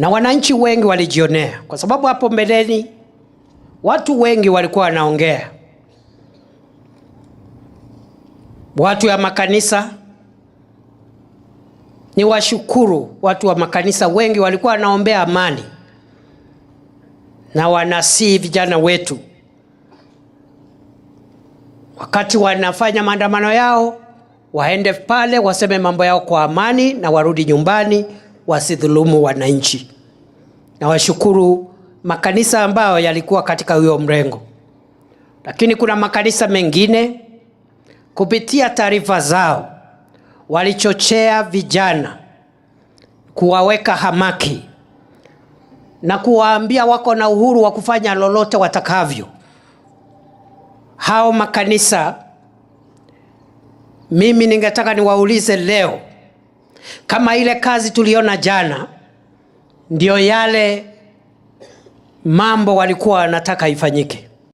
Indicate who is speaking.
Speaker 1: na wananchi wengi walijionea, kwa sababu hapo mbeleni watu wengi walikuwa wanaongea, watu ya makanisa. Ni washukuru watu wa makanisa wengi walikuwa wanaombea amani na wanasii vijana wetu wakati wanafanya maandamano yao, waende pale waseme mambo yao kwa amani na warudi nyumbani wasidhulumu wananchi. Nawashukuru makanisa ambayo yalikuwa katika huyo mrengo, lakini kuna makanisa mengine kupitia taarifa zao walichochea vijana kuwaweka hamaki na kuwaambia wako na uhuru wa kufanya lolote watakavyo. Hao makanisa mimi ningetaka niwaulize leo kama ile kazi tuliona jana, ndio yale mambo walikuwa wanataka ifanyike.